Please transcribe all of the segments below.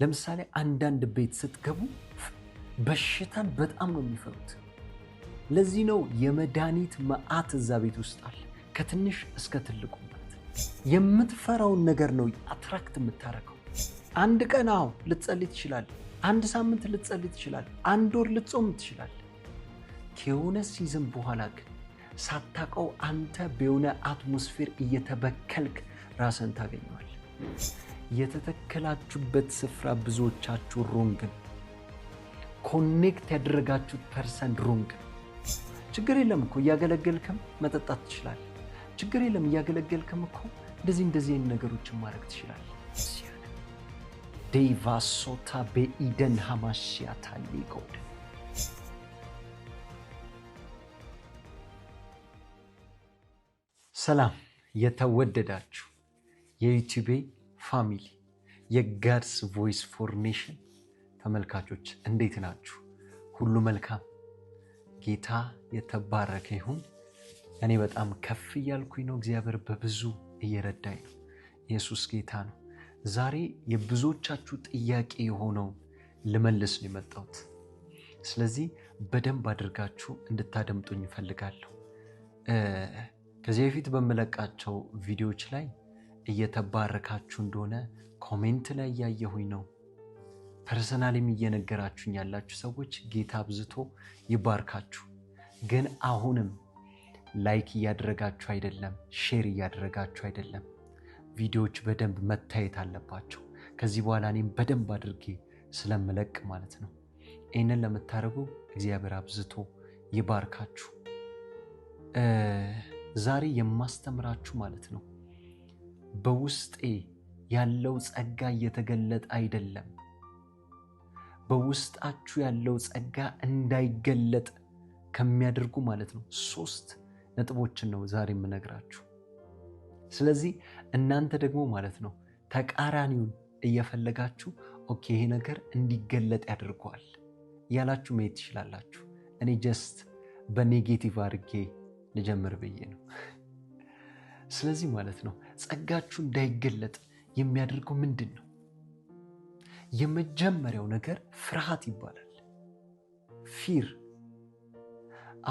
ለምሳሌ አንዳንድ ቤት ስትገቡ በሽታን በጣም ነው የሚፈሩት። ለዚህ ነው የመድኃኒት መዓት እዛ ቤት ውስጥ አለ፣ ከትንሽ እስከ ትልቁ ማለት የምትፈራውን ነገር ነው አትራክት የምታረገው። አንድ ቀን አዎ ልትጸልይ ትችላለህ፣ አንድ ሳምንት ልትጸልይ ትችላለህ፣ አንድ ወር ልትጾም ትችላለህ። ከሆነ ሲዝን በኋላ ግን ሳታውቀው አንተ በሆነ አትሞስፌር እየተበከልክ ራስን ታገኘዋል። የተተከላችሁበት ስፍራ ብዙዎቻችሁ ሮንግ ነው። ኮኔክት ያደረጋችሁት ፐርሰን ሮንግ ነው። ችግር የለም እኮ እያገለገልክም መጠጣት ትችላል ችግር የለም እያገለገልክም እኮ እንደዚህ እንደዚህ አይነት ነገሮችን ማድረግ ትችላል። ዴቫሶታ በኢደን ሀማሽያ ሊጎድ ሰላም የተወደዳችሁ የዩቲቤ ፋሚሊ የጋድስ ቮይስ ፎር ኔሽን ተመልካቾች እንዴት ናችሁ? ሁሉ መልካም? ጌታ የተባረከ ይሁን። እኔ በጣም ከፍ እያልኩኝ ነው። እግዚአብሔር በብዙ እየረዳኝ ነው። ኢየሱስ ጌታ ነው። ዛሬ የብዙዎቻችሁ ጥያቄ የሆነው ልመልስ ነው የመጣሁት። ስለዚህ በደንብ አድርጋችሁ እንድታደምጡኝ እፈልጋለሁ። ከዚህ በፊት በምለቃቸው ቪዲዮዎች ላይ እየተባረካችሁ እንደሆነ ኮሜንት ላይ እያየሁኝ ነው። ፐርሰናልም እየነገራችሁኝ ያላችሁ ሰዎች ጌታ አብዝቶ ይባርካችሁ። ግን አሁንም ላይክ እያደረጋችሁ አይደለም፣ ሼር እያደረጋችሁ አይደለም። ቪዲዮዎች በደንብ መታየት አለባቸው። ከዚህ በኋላ እኔም በደንብ አድርጌ ስለምለቅ ማለት ነው። ይህንን ለምታደርጉ እግዚአብሔር አብዝቶ ይባርካችሁ። ዛሬ የማስተምራችሁ ማለት ነው በውስጤ ያለው ጸጋ እየተገለጠ አይደለም። በውስጣችሁ ያለው ጸጋ እንዳይገለጥ ከሚያደርጉ ማለት ነው ሶስት ነጥቦችን ነው ዛሬ የምነግራችሁ። ስለዚህ እናንተ ደግሞ ማለት ነው ተቃራኒውን እየፈለጋችሁ ኦኬ፣ ይሄ ነገር እንዲገለጥ ያደርገዋል እያላችሁ መሄድ ትችላላችሁ። እኔ ጀስት በኔጌቲቭ አድርጌ ልጀምር ብዬ ነው። ስለዚህ ማለት ነው ጸጋችሁ እንዳይገለጥ የሚያደርገው ምንድን ነው? የመጀመሪያው ነገር ፍርሃት ይባላል። ፊር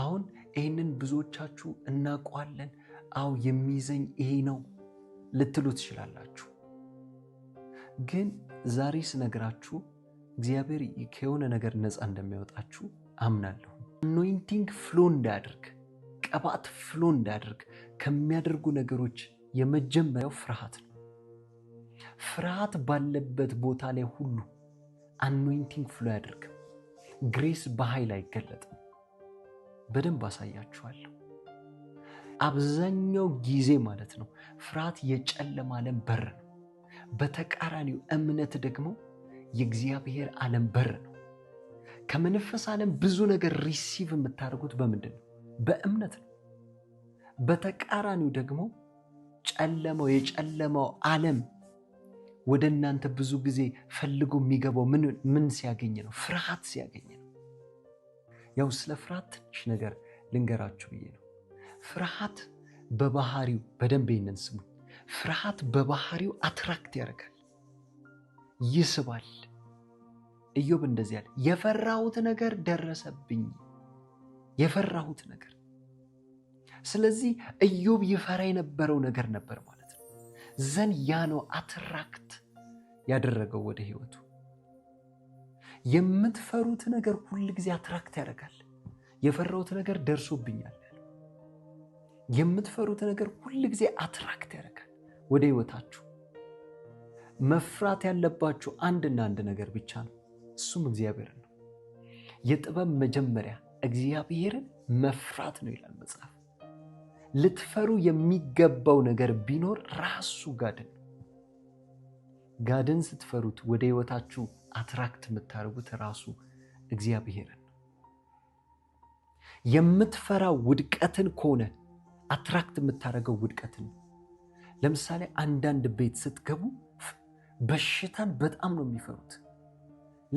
አሁን ይህንን ብዙዎቻችሁ እናውቀዋለን። አው የሚይዘኝ ይሄ ነው ልትሉ ትችላላችሁ። ግን ዛሬ ስነግራችሁ እግዚአብሔር ከሆነ ነገር ነፃ እንደሚያወጣችሁ አምናለሁ። አኖይንቲንግ ፍሎ እንዳያደርግ፣ ቀባት ፍሎ እንዳያደርግ ከሚያደርጉ ነገሮች የመጀመሪያው ፍርሃት ነው። ፍርሃት ባለበት ቦታ ላይ ሁሉ አኖይንቲንግ ፍሎ አያደርግም። ግሬስ በኃይል አይገለጥም። በደንብ አሳያችኋለሁ። አብዛኛው ጊዜ ማለት ነው ፍርሃት የጨለማ ዓለም በር ነው። በተቃራኒው እምነት ደግሞ የእግዚአብሔር ዓለም በር ነው። ከመንፈስ ዓለም ብዙ ነገር ሪሲቭ የምታደርጉት በምንድን ነው? በእምነት ነው። በተቃራኒው ደግሞ ጨለመው የጨለመው ዓለም ወደ እናንተ ብዙ ጊዜ ፈልጎ የሚገባው ምን ሲያገኝ ነው? ፍርሃት ሲያገኝ ነው። ያው ስለ ፍርሃት ትንሽ ነገር ልንገራችሁ ብዬ ነው። ፍርሃት በባህሪው በደንብ ይህንን ስሙ። ፍርሃት በባህሪው አትራክት ያደርጋል፣ ይስባል። እዮብ እንደዚህ ያለ የፈራሁት ነገር ደረሰብኝ፣ የፈራሁት ነገር ስለዚህ ኢዮብ ይፈራ የነበረው ነገር ነበር ማለት ነው። ዘን ያ ነው አትራክት ያደረገው ወደ ህይወቱ። የምትፈሩት ነገር ሁል ጊዜ አትራክት ያደርጋል። የፈራሁት ነገር ደርሶብኛል። የምትፈሩት ነገር ሁል ጊዜ አትራክት ያደርጋል ወደ ህይወታችሁ። መፍራት ያለባችሁ አንድና አንድ ነገር ብቻ ነው፣ እሱም እግዚአብሔርን ነው። የጥበብ መጀመሪያ እግዚአብሔርን መፍራት ነው ይላል መጽሐፍ። ልትፈሩ የሚገባው ነገር ቢኖር ራሱ ጋድን ጋድን ስትፈሩት ወደ ህይወታችሁ አትራክት የምታደርጉት ራሱ እግዚአብሔርን የምትፈራ ውድቀትን ከሆነ አትራክት የምታደርገው ውድቀትን ለምሳሌ አንዳንድ ቤት ስትገቡ በሽታን በጣም ነው የሚፈሩት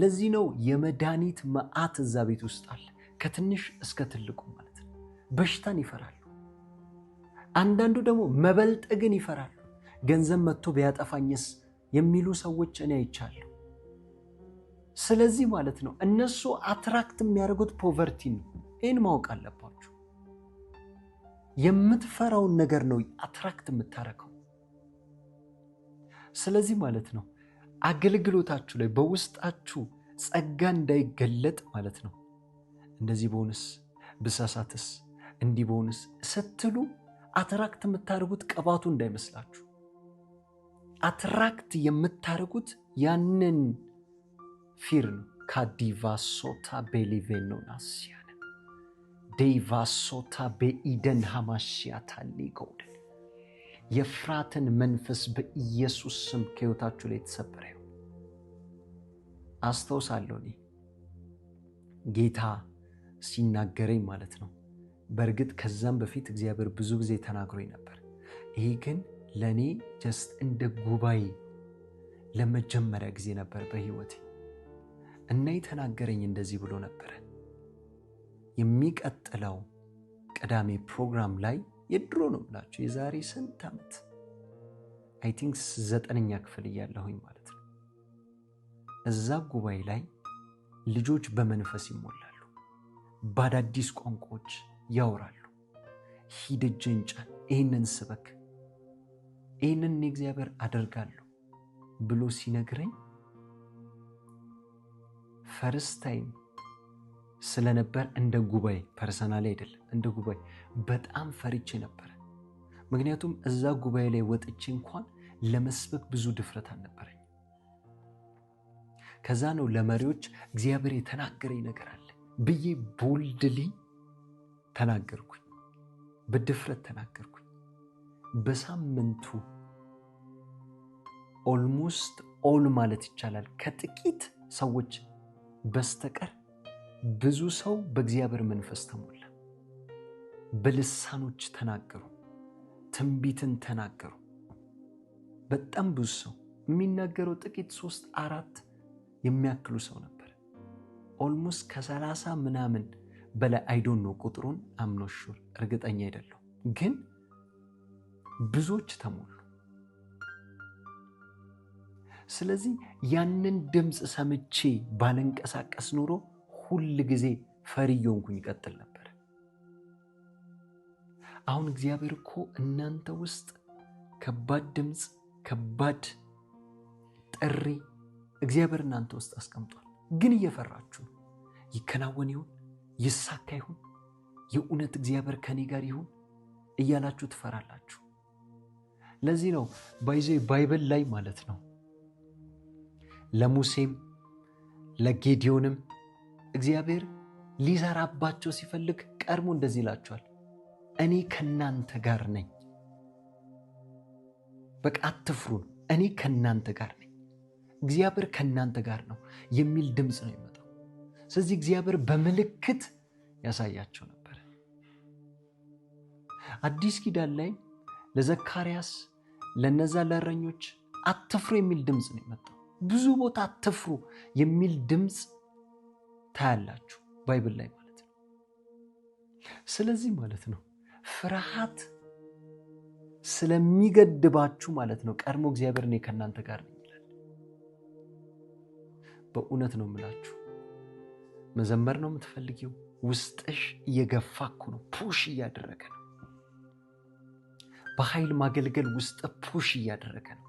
ለዚህ ነው የመድኃኒት መዓት እዛ ቤት ውስጥ አለ ከትንሽ እስከ ትልቁ ማለት ነው በሽታን ይፈራል አንዳንዱ ደግሞ መበልጠግን ይፈራል። ገንዘብ መጥቶ ቢያጠፋኝስ የሚሉ ሰዎች እኔ አይቻለሁ። ስለዚህ ማለት ነው እነሱ አትራክት የሚያደርጉት ፖቨርቲ ነው። ይህን ማወቅ አለባችሁ። የምትፈራውን ነገር ነው አትራክት የምታደርገው። ስለዚህ ማለት ነው አገልግሎታችሁ ላይ በውስጣችሁ ጸጋ እንዳይገለጥ ማለት ነው እንደዚህ በሆንስ ብሳሳትስ እንዲህ በሆንስ ስትሉ አትራክት የምታደርጉት ቅባቱ እንዳይመስላችሁ። አትራክት የምታደርጉት ያንን ፊር ነው። ካዲቫሶታ ቤሊቬኖናሲያነ ዴቫሶታ በኢደን ሃማሽያታ ሊጎደ የፍራትን መንፈስ በኢየሱስ ስም ከህይወታችሁ ላይ የተሰበረ ይሁን። አስታውሳለሁ እኔ ጌታ ሲናገረኝ ማለት ነው በእርግጥ ከዛም በፊት እግዚአብሔር ብዙ ጊዜ ተናግሮኝ ነበር። ይሄ ግን ለእኔ ጀስት እንደ ጉባኤ ለመጀመሪያ ጊዜ ነበር በህይወቴ እና የተናገረኝ እንደዚህ ብሎ ነበረ። የሚቀጥለው ቅዳሜ ፕሮግራም ላይ የድሮ ነው ብላቸው የዛሬ ስንት ዓመት አይ ቲንክ ዘጠነኛ ክፍል እያለሁኝ ማለት ነው። እዛ ጉባኤ ላይ ልጆች በመንፈስ ይሞላሉ፣ በአዳዲስ ቋንቋዎች ያወራሉ። ሂድ እጅን ጫን፣ ይህንን ስበክ፣ ይህንን እግዚአብሔር አደርጋለሁ ብሎ ሲነግረኝ ፈርስታይም ታይም ስለነበር እንደ ጉባኤ ፐርሰናል አይደለም፣ እንደ ጉባኤ በጣም ፈርቼ ነበረ። ምክንያቱም እዛ ጉባኤ ላይ ወጥቼ እንኳን ለመስበክ ብዙ ድፍረት አልነበረኝ። ከዛ ነው ለመሪዎች እግዚአብሔር የተናገረኝ ነገር አለ ብዬ ቦልድሊ ተናገርኩኝ፣ በድፍረት ተናገርኩኝ። በሳምንቱ ኦልሞስት ኦል ማለት ይቻላል ከጥቂት ሰዎች በስተቀር ብዙ ሰው በእግዚአብሔር መንፈስ ተሞላ። በልሳኖች ተናገሩ፣ ትንቢትን ተናገሩ። በጣም ብዙ ሰው የሚናገረው ጥቂት ሶስት አራት የሚያክሉ ሰው ነበር። ኦልሞስት ከሰላሳ ምናምን በላይ አይዶን ነው ቁጥሩን አምኖሹር እርግጠኛ አይደለሁ፣ ግን ብዙዎች ተሞሉ። ስለዚህ ያንን ድምፅ ሰምቼ ባልንቀሳቀስ ኖሮ ሁል ጊዜ ፈሪ ይቀጥል ነበር። አሁን እግዚአብሔር እኮ እናንተ ውስጥ ከባድ ድምፅ፣ ከባድ ጥሪ እግዚአብሔር እናንተ ውስጥ አስቀምጧል። ግን እየፈራችሁ ይከናወን ይሆን? ይሳካ ይሁን፣ የእውነት እግዚአብሔር ከኔ ጋር ይሁን እያላችሁ ትፈራላችሁ። ለዚህ ነው ባይዘ ባይብል ላይ ማለት ነው ለሙሴም ለጌዲዮንም እግዚአብሔር ሊሰራባቸው ሲፈልግ ቀድሞ እንደዚህ ይላቸዋል፣ እኔ ከናንተ ጋር ነኝ። በቃ አትፍሩን፣ እኔ ከናንተ ጋር ነኝ፣ እግዚአብሔር ከናንተ ጋር ነው የሚል ድምፅ ነው። ስለዚህ እግዚአብሔር በምልክት ያሳያቸው ነበር። አዲስ ኪዳን ላይ ለዘካርያስ ለነዛ ለእረኞች አትፍሩ የሚል ድምፅ ነው የመጣው። ብዙ ቦታ አትፍሩ የሚል ድምፅ ታያላችሁ ባይብል ላይ ማለት ነው። ስለዚህ ማለት ነው ፍርሃት ስለሚገድባችሁ ማለት ነው ቀድሞ እግዚአብሔር እኔ ከእናንተ ጋር ነኝ ይላል። በእውነት ነው የምላችሁ መዘመር ነው የምትፈልጊው፣ ውስጥሽ እየገፋ እኮ ነው፣ ፑሽ እያደረገ ነው። በኃይል ማገልገል ውስጥ ፑሽ እያደረገ ነው።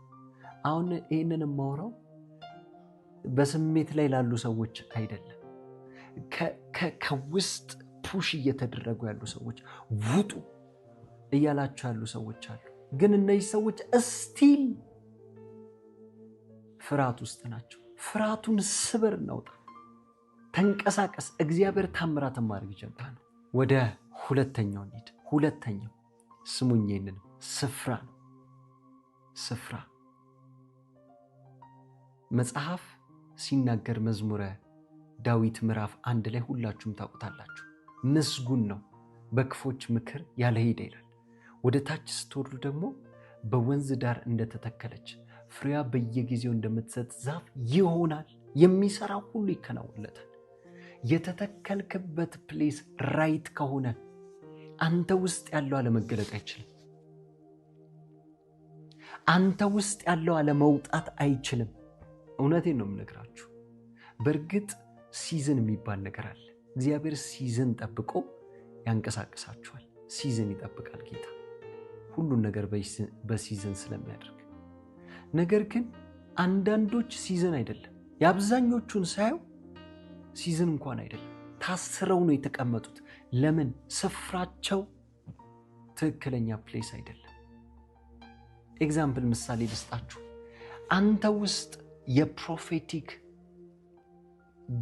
አሁን ይህንን የማውረው በስሜት ላይ ላሉ ሰዎች አይደለም። ከውስጥ ፑሽ እየተደረጉ ያሉ ሰዎች ውጡ እያላቸው ያሉ ሰዎች አሉ። ግን እነዚህ ሰዎች እስቲል ፍርሃት ውስጥ ናቸው። ፍርሃቱን ስበር እናውጣ። ተንቀሳቀስ። እግዚአብሔር ታምራት ማድረግ ጀባ ወደ ሁለተኛው እንሂድ። ሁለተኛው ስሙኝ፣ ስፍራ ነው። ስፍራ መጽሐፍ ሲናገር መዝሙረ ዳዊት ምዕራፍ አንድ ላይ ሁላችሁም ታውቁታላችሁ። ምስጉን ነው በክፎች ምክር ያልሄደ ይላል። ወደ ታች ስትወርዱ ደግሞ በወንዝ ዳር እንደተተከለች ፍሬዋ በየጊዜው እንደምትሰጥ ዛፍ ይሆናል። የሚሰራ ሁሉ ይከናወንለታል። የተተከልክበት ፕሌስ ራይት ከሆነ አንተ ውስጥ ያለው አለመገለጥ አይችልም። አንተ ውስጥ ያለው አለመውጣት አይችልም። እውነቴን ነው የምነግራችሁ። በእርግጥ ሲዝን የሚባል ነገር አለ። እግዚአብሔር ሲዝን ጠብቆ ያንቀሳቅሳችኋል። ሲዝን ይጠብቃል ጌታ ሁሉን ነገር በሲዝን ስለሚያደርግ። ነገር ግን አንዳንዶች ሲዝን አይደለም የአብዛኞቹን ሳየው ሲዝን እንኳን አይደለም። ታስረው ነው የተቀመጡት። ለምን? ስፍራቸው ትክክለኛ ፕሌስ አይደለም። ኤግዛምፕል ምሳሌ ልስጣችሁ። አንተ ውስጥ የፕሮፌቲክ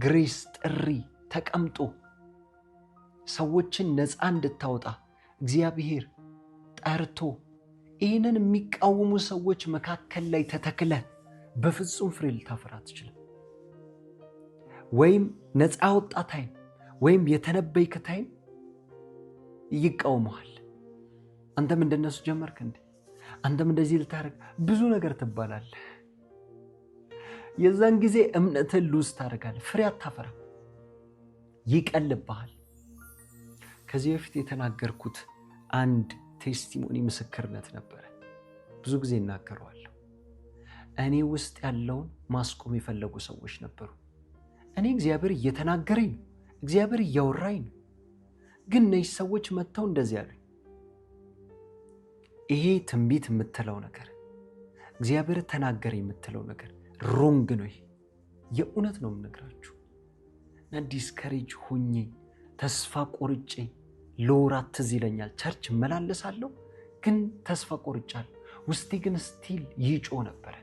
ግሬስ ጥሪ ተቀምጦ ሰዎችን ነፃ እንድታወጣ እግዚአብሔር ጠርቶ ይህንን የሚቃወሙ ሰዎች መካከል ላይ ተተክለ በፍጹም ፍሬ ልታፈራ ትችላል። ወይም ነፃ ያወጣ ታይም ወይም የተነበይክ ታይም ይቃውመዋል። አንተም እንደነሱ ጀመርክ እንዴ? አንተም እንደዚህ ልታደርግ ብዙ ነገር ትባላል የዛን ጊዜ እምነትን ሉዝ ታደርጋለህ። ፍሬ አታፈረ ይቀልብሃል። ከዚህ በፊት የተናገርኩት አንድ ቴስቲሞኒ ምስክርነት ነበረ። ብዙ ጊዜ እናገረዋለሁ። እኔ ውስጥ ያለውን ማስቆም የፈለጉ ሰዎች ነበሩ። እኔ እግዚአብሔር እየተናገረኝ ነው፣ እግዚአብሔር እያወራኝ ነው። ግን እነዚህ ሰዎች መጥተው እንደዚህ አሉኝ። ይሄ ትንቢት የምትለው ነገር እግዚአብሔር ተናገር የምትለው ነገር ሮንግ ነው። ይሄ የእውነት ነው የምነግራችሁ። እና ዲስከሬጅ ሆኜ ተስፋ ቆርጬ ለወራት ትዝ ይለኛል ቸርች እመላለሳለሁ፣ ግን ተስፋ ቆርጫለሁ። ውስጤ ግን ስቲል ይጮ ነበረ።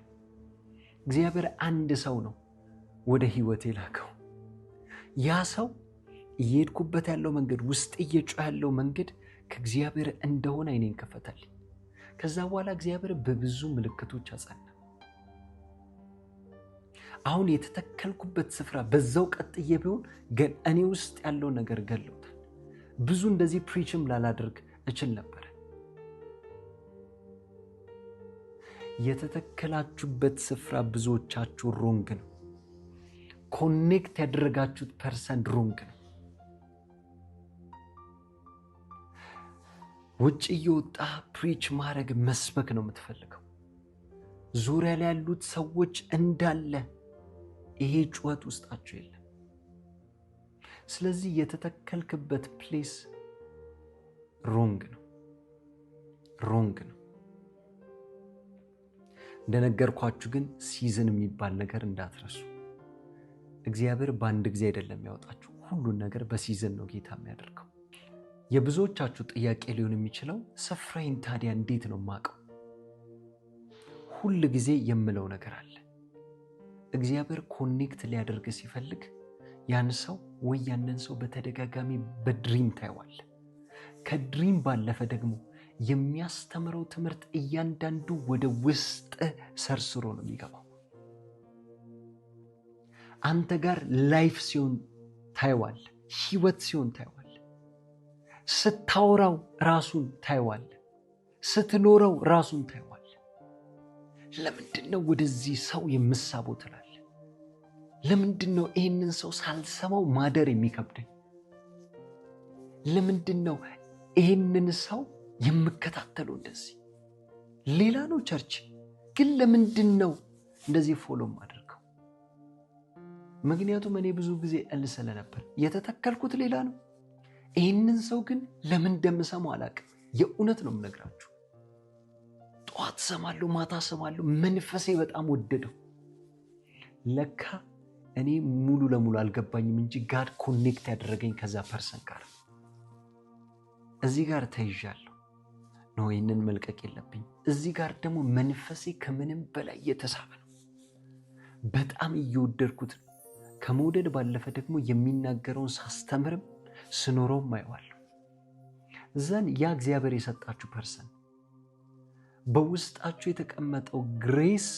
እግዚአብሔር አንድ ሰው ነው ወደ ህይወቴ ላከው። ያ ሰው እየሄድኩበት ያለው መንገድ ውስጥ እየጮ ያለው መንገድ ከእግዚአብሔር እንደሆነ አይኔን ከፈታልኝ። ከዛ በኋላ እግዚአብሔር በብዙ ምልክቶች አጸና። አሁን የተተከልኩበት ስፍራ በዛው ቀጥዬ ቢሆን ግን እኔ ውስጥ ያለው ነገር ገለውታል። ብዙ እንደዚህ ፕሪችም ላላደርግ እችል ነበረ። የተተከላችሁበት ስፍራ ብዙዎቻችሁ ሮንግ ነው። ኮኔክት ያደረጋችሁት ፐርሰን ሮንግ ነው። ውጭ እየወጣ ፕሪች ማድረግ መስበክ ነው የምትፈልገው። ዙሪያ ላይ ያሉት ሰዎች እንዳለ ይሄ ጩኸት ውስጣቸው የለም። ስለዚህ የተተከልክበት ፕሌስ ሮንግ ነው፣ ሮንግ ነው። እንደነገርኳችሁ ግን ሲዝን የሚባል ነገር እንዳትረሱ። እግዚአብሔር በአንድ ጊዜ አይደለም ያወጣችሁ። ሁሉን ነገር በሲዝን ነው ጌታ የሚያደርገው። የብዙዎቻችሁ ጥያቄ ሊሆን የሚችለው ስፍራይን ታዲያ እንዴት ነው የማውቀው? ሁል ጊዜ የምለው ነገር አለ። እግዚአብሔር ኮኔክት ሊያደርግ ሲፈልግ ያን ሰው ወይ ያንን ሰው በተደጋጋሚ በድሪም ታይዋል። ከድሪም ባለፈ ደግሞ የሚያስተምረው ትምህርት እያንዳንዱ ወደ ውስጥ ሰርስሮ ነው የሚገባው። አንተ ጋር ላይፍ ሲሆን ታይዋል፣ ህይወት ሲሆን ታይዋል፣ ስታወራው ራሱን ታይዋል፣ ስትኖረው ራሱን ታይዋል። ለምንድን ነው ወደዚህ ሰው የምሳቦትላል? ትላል። ለምንድን ነው ይህንን ሰው ሳልሰማው ማደር የሚከብደኝ? ለምንድን ነው ይህንን ሰው የምከታተለው? እንደዚህ ሌላ ነው ቸርች ግን ለምንድን ነው እንደዚህ ፎሎ ማድረግ ምክንያቱም እኔ ብዙ ጊዜ እል ስለነበር የተተከልኩት ሌላ ነው። ይህንን ሰው ግን ለምን እንደምሰማው አላቅም የእውነት ነው የምነግራችሁ። ጠዋት ሰማለሁ፣ ማታ ሰማለሁ። መንፈሴ በጣም ወደደው። ለካ እኔ ሙሉ ለሙሉ አልገባኝም እንጂ ጋድ ኮኔክት ያደረገኝ ከዛ ፐርሰን ጋር እዚህ ጋር ተይዣለሁ ነው። ይህንን መልቀቅ የለብኝ። እዚህ ጋር ደግሞ መንፈሴ ከምንም በላይ እየተሳበ ነው። በጣም እየወደድኩት ነው። ከመውደድ ባለፈ ደግሞ የሚናገረውን ሳስተምርም ስኖረውም አየዋለሁ። ዘን ያ እግዚአብሔር የሰጣችሁ ፐርሰን በውስጣችሁ የተቀመጠው ግሬስ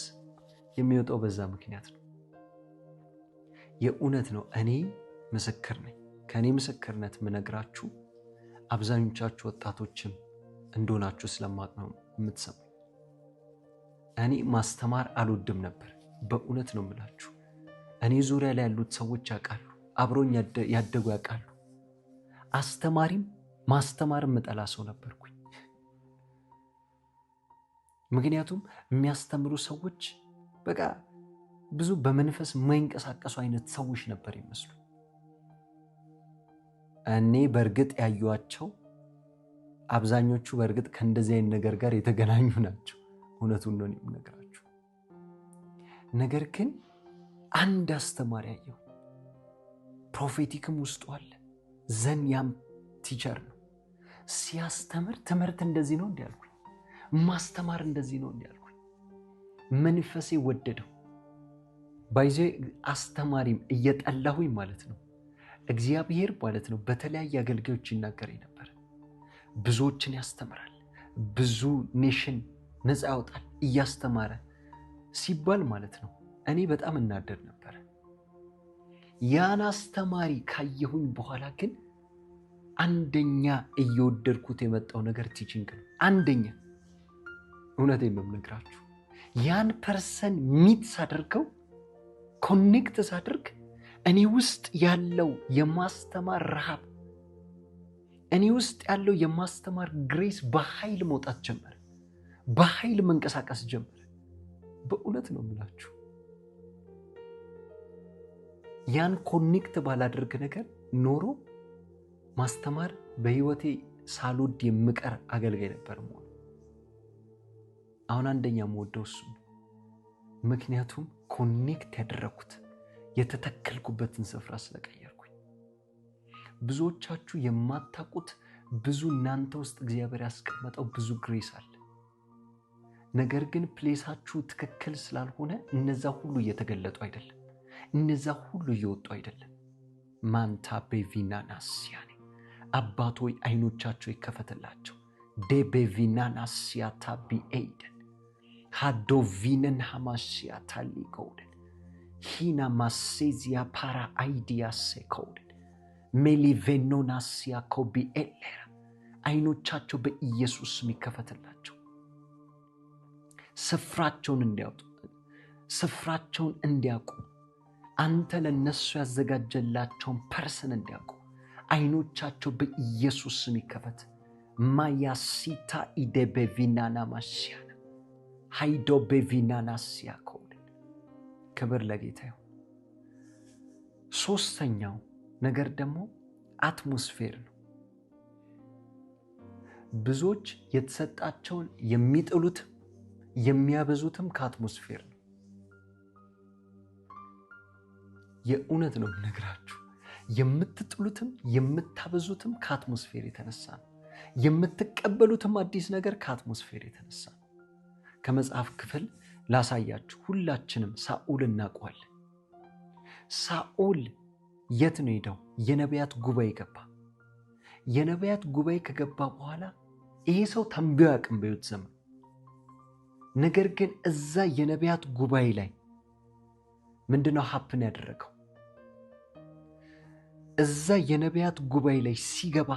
የሚወጣው በዛ ምክንያት ነው። የእውነት ነው። እኔ ምስክር ነኝ። ከእኔ ምስክርነት የምነግራችሁ አብዛኞቻችሁ ወጣቶችም እንደሆናችሁ ስለማቅ ነው የምትሰሙ። እኔ ማስተማር አልወድም ነበር። በእውነት ነው የምላችሁ። እኔ ዙሪያ ላይ ያሉት ሰዎች ያውቃሉ፣ አብሮኝ ያደጉ ያውቃሉ። አስተማሪም ማስተማርም እጠላ ሰው ነበርኩኝ። ምክንያቱም የሚያስተምሩ ሰዎች በቃ ብዙ በመንፈስ የማይንቀሳቀሱ አይነት ሰዎች ነበር ይመስሉ። እኔ በእርግጥ ያዩቸው አብዛኞቹ በእርግጥ ከእንደዚህ አይነት ነገር ጋር የተገናኙ ናቸው። እውነቱን ነው የምነግራችሁ ነገር ግን አንድ አስተማሪ አየሁ። ፕሮፌቲክም ውስጡ አለ። ዘንያም ቲቸር ነው። ሲያስተምር ትምህርት እንደዚህ ነው እንዲያልኩኝ፣ ማስተማር እንደዚህ ነው እንዲያልኩኝ፣ መንፈሴ ወደደው። ባይዘ አስተማሪም እየጠላሁኝ ማለት ነው። እግዚአብሔር ማለት ነው በተለያየ አገልጋዮች ይናገረኝ ነበር። ብዙዎችን ያስተምራል፣ ብዙ ኔሽን ነፃ ያወጣል እያስተማረ ሲባል ማለት ነው እኔ በጣም እናደድ ነበር። ያን አስተማሪ ካየሁኝ በኋላ ግን አንደኛ እየወደድኩት የመጣው ነገር ቲችንግ ነው። አንደኛ እውነቴን ነው ያን ፐርሰን ሚት ሳደርገው ኮኔክት ሳደርግ እኔ ውስጥ ያለው የማስተማር ረሃብ፣ እኔ ውስጥ ያለው የማስተማር ግሬስ በኃይል መውጣት ጀመረ፣ በኃይል መንቀሳቀስ ጀመረ። በእውነት ነው የምላችሁ። ያን ኮኔክት ባላደርግ ነገር ኖሮ ማስተማር በህይወቴ ሳልወድ የምቀር አገልጋይ ነበር መሆን። አሁን አንደኛ የምወደው እሱ ምክንያቱም ኮኔክት ያደረኩት የተተከልኩበትን ስፍራ ስለቀየርኩኝ። ብዙዎቻችሁ የማታቁት ብዙ እናንተ ውስጥ እግዚአብሔር ያስቀመጠው ብዙ ግሬስ አለ። ነገር ግን ፕሌሳችሁ ትክክል ስላልሆነ እነዛ ሁሉ እየተገለጡ አይደለም። እነዛ ሁሉ እየወጡ አይደለም። ማንታ ቤቪና ናስያ አባት ሆይ አይኖቻቸው ይከፈትላቸው። ዴቤቪና ናስያታ ቢኤይደን ሃዶቪነን ሃማስያታ ታሊከውደን ሂና ማሴዚያ ፓራ አይዲያ ሴከውደን ሜሊቬኖናስያ ኮቢኤሌራ አይኖቻቸው በኢየሱስ የሚከፈትላቸው ስፍራቸውን እንዲያውጡ ስፍራቸውን እንዲያውቁ አንተ ለነሱ ያዘጋጀላቸውን ፐርሰን እንዲያውቁ አይኖቻቸው በኢየሱስ ስም ይከፈት። ማያሲታ በቪናና ማሲያና ሃይዶ በቪናና ሲያ ክብር ለጌታ ይሁን። ሶስተኛው ነገር ደግሞ አትሞስፌር ነው። ብዙዎች የተሰጣቸውን የሚጥሉትም የሚያበዙትም ከአትሞስፌር ነው። የእውነት ነው ነግራችሁ የምትጥሉትም የምታበዙትም ከአትሞስፌር የተነሳ ነው። የምትቀበሉትም አዲስ ነገር ከአትሞስፌር የተነሳ ነው። ከመጽሐፍ ክፍል ላሳያችሁ። ሁላችንም ሳኦል እናውቀዋለን። ሳኦል የት ነው ሄደው? የነቢያት ጉባኤ ገባ። የነቢያት ጉባኤ ከገባ በኋላ ይሄ ሰው ተንብዮ ያቅም በሕይወት ዘመን ነገር ግን እዛ የነቢያት ጉባኤ ላይ ምንድነው ሀፕን ያደረገው? እዛ የነቢያት ጉባኤ ላይ ሲገባ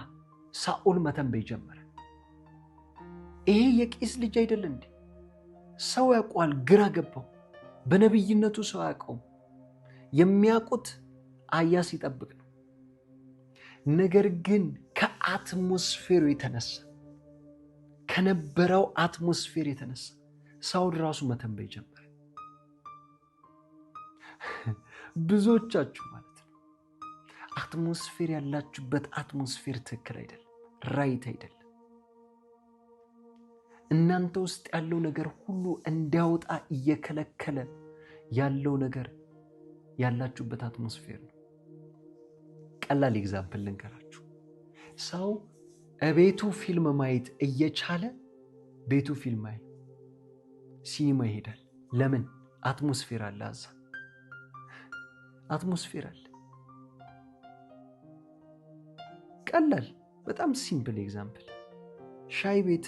ሳኦል መተንበይ ጀመረ። ይሄ የቂስ ልጅ አይደለ እንዴ? ሰው ያውቀዋል ግራ ገባው። በነቢይነቱ ሰው አያውቀውም። የሚያውቁት አያ ሲጠብቅ ነው። ነገር ግን ከአትሞስፌሩ የተነሳ ከነበረው አትሞስፌር የተነሳ ሳውል ራሱ መተንበይ ጀመረ። ብዙዎቻችሁ አትሞስፌር ያላችሁበት አትሞስፌር ትክክል አይደለም፣ ራይት አይደለም። እናንተ ውስጥ ያለው ነገር ሁሉ እንዲያወጣ እየከለከለ ያለው ነገር ያላችሁበት አትሞስፌር ነው። ቀላል ኤግዛምፕል ልንገራችሁ። ሰው እቤቱ ፊልም ማየት እየቻለ ቤቱ ፊልም አይ ሲኒማ ይሄዳል። ለምን? አትሞስፌር አለ። አዛ አትሞስፌር አለ። ቀላል በጣም ሲምፕል ኤግዛምፕል ሻይ ቤት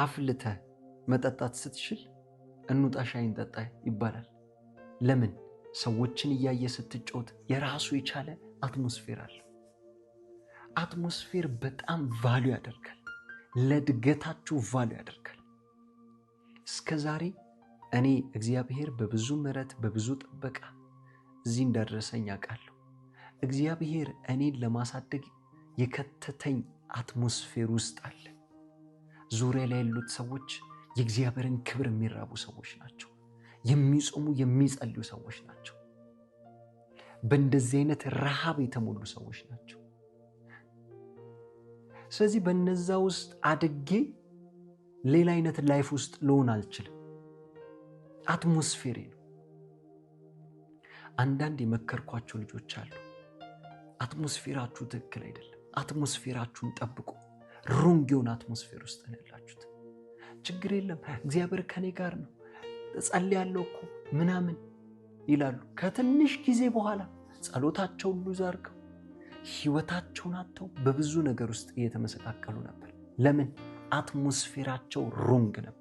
አፍልተ መጠጣት ስትችል እንውጣ ሻይ እንጠጣ ይባላል። ለምን? ሰዎችን እያየ ስትጮት የራሱ የቻለ አትሞስፌር አለ። አትሞስፌር በጣም ቫሉ ያደርጋል፣ ለእድገታችሁ ቫሉ ያደርጋል። እስከ ዛሬ እኔ እግዚአብሔር በብዙ ምረት በብዙ ጥበቃ እዚህ እንዳደረሰኝ አውቃለሁ። እግዚአብሔር እኔን ለማሳደግ የከተተኝ አትሞስፌር ውስጥ አለ። ዙሪያ ላይ ያሉት ሰዎች የእግዚአብሔርን ክብር የሚራቡ ሰዎች ናቸው። የሚጾሙ የሚጸልዩ ሰዎች ናቸው። በእንደዚህ አይነት ረሃብ የተሞሉ ሰዎች ናቸው። ስለዚህ በነዛ ውስጥ አድጌ ሌላ አይነት ላይፍ ውስጥ ልሆን አልችልም። አትሞስፌሬ ነው። አንዳንድ የመከርኳቸው ልጆች አሉ አትሞስፌራችሁ ትክክል አይደለም። አትሞስፌራችሁን ጠብቁ። ሮንግ የሆነ አትሞስፌር ውስጥ ነው ያላችሁት። ችግር የለም እግዚአብሔር ከኔ ጋር ነው ያለው እኮ ምናምን ይላሉ። ከትንሽ ጊዜ በኋላ ጸሎታቸውን ሉዝ ዛርገው ህይወታቸውን አተው በብዙ ነገር ውስጥ እየተመሰቃቀሉ ነበር። ለምን? አትሞስፌራቸው ሮንግ ነበረ።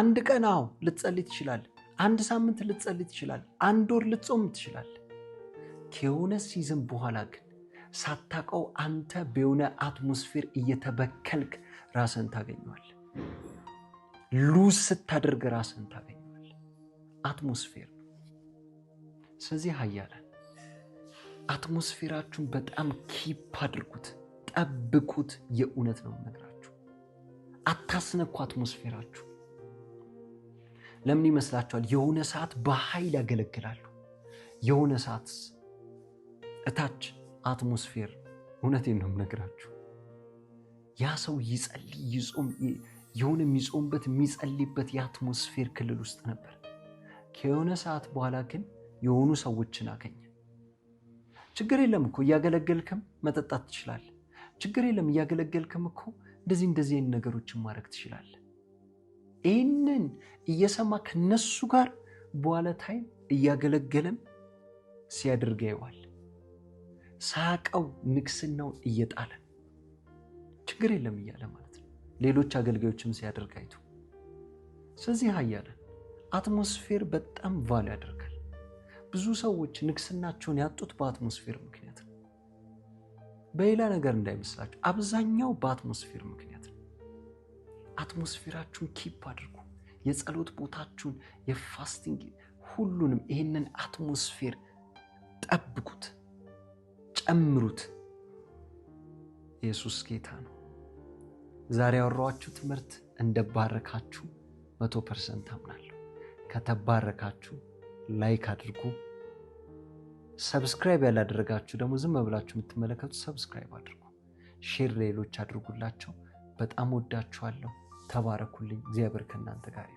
አንድ ቀን አዎ ልትጸልይ ትችላል። አንድ ሳምንት ልትጸልይ ትችላል። አንድ ወር ልትጾም ትችላል። ከሆነ ሲዝን በኋላ ግን ሳታቀው አንተ በሆነ አትሞስፌር እየተበከልክ ራስን ታገኘዋል። ሉዝ ስታደርግ ራስን ታገኘዋል። አትሞስፌር ስለዚህ ሀያለ አትሞስፌራችሁን በጣም ኪፕ አድርጉት፣ ጠብቁት። የእውነት ነው ነግራችሁ፣ አታስነኩ አትሞስፌራችሁ። ለምን ይመስላችኋል? የሆነ ሰዓት በኃይል ያገለግላሉ። የሆነ ሰዓት እታች አትሞስፌር እውነቴን ነው የምነግራችሁ። ያ ሰው ይጸልይ ይጾም፣ የሆነ የሚጾምበት የሚጸልይበት የአትሞስፌር ክልል ውስጥ ነበር። ከሆነ ሰዓት በኋላ ግን የሆኑ ሰዎችን አገኘ። ችግር የለም እኮ እያገለገልክም መጠጣት ትችላለህ። ችግር የለም እያገለገልክም እኮ እንደዚህ እንደዚህ አይነት ነገሮችን ማድረግ ትችላለህ። ይህንን እየሰማ ከነሱ ጋር በኋላ ታይም እያገለገለም ሲያደርግ ያየዋል። ሳቀው ንግስናው እየጣለ ችግር የለም እያለ ማለት ነው። ሌሎች አገልጋዮችም ሲያደርግ አይቱ። ስለዚህ ሀያለ አትሞስፌር በጣም ቫል ያደርጋል። ብዙ ሰዎች ንግስናቸውን ያጡት በአትሞስፌር ምክንያት ነው። በሌላ ነገር እንዳይመስላችሁ፣ አብዛኛው በአትሞስፌር ምክንያት ነው። አትሞስፌራችሁን ኪፕ አድርጉ። የጸሎት ቦታችሁን፣ የፋስቲንግ ሁሉንም ይህንን አትሞስፌር ጠብቁት። ጨምሩት። ኢየሱስ ጌታ ነው። ዛሬ ያወሯችሁ ትምህርት እንደባረካችሁ መቶ ፐርሰንት አምናለሁ። ከተባረካችሁ ላይክ አድርጉ። ሰብስክራይብ ያላደረጋችሁ ደግሞ ዝም ብላችሁ የምትመለከቱ ሰብስክራይብ አድርጉ። ሼር ሌሎች አድርጉላቸው። በጣም ወዳችኋለሁ። ተባረኩልኝ። እግዚአብሔር ከእናንተ ጋር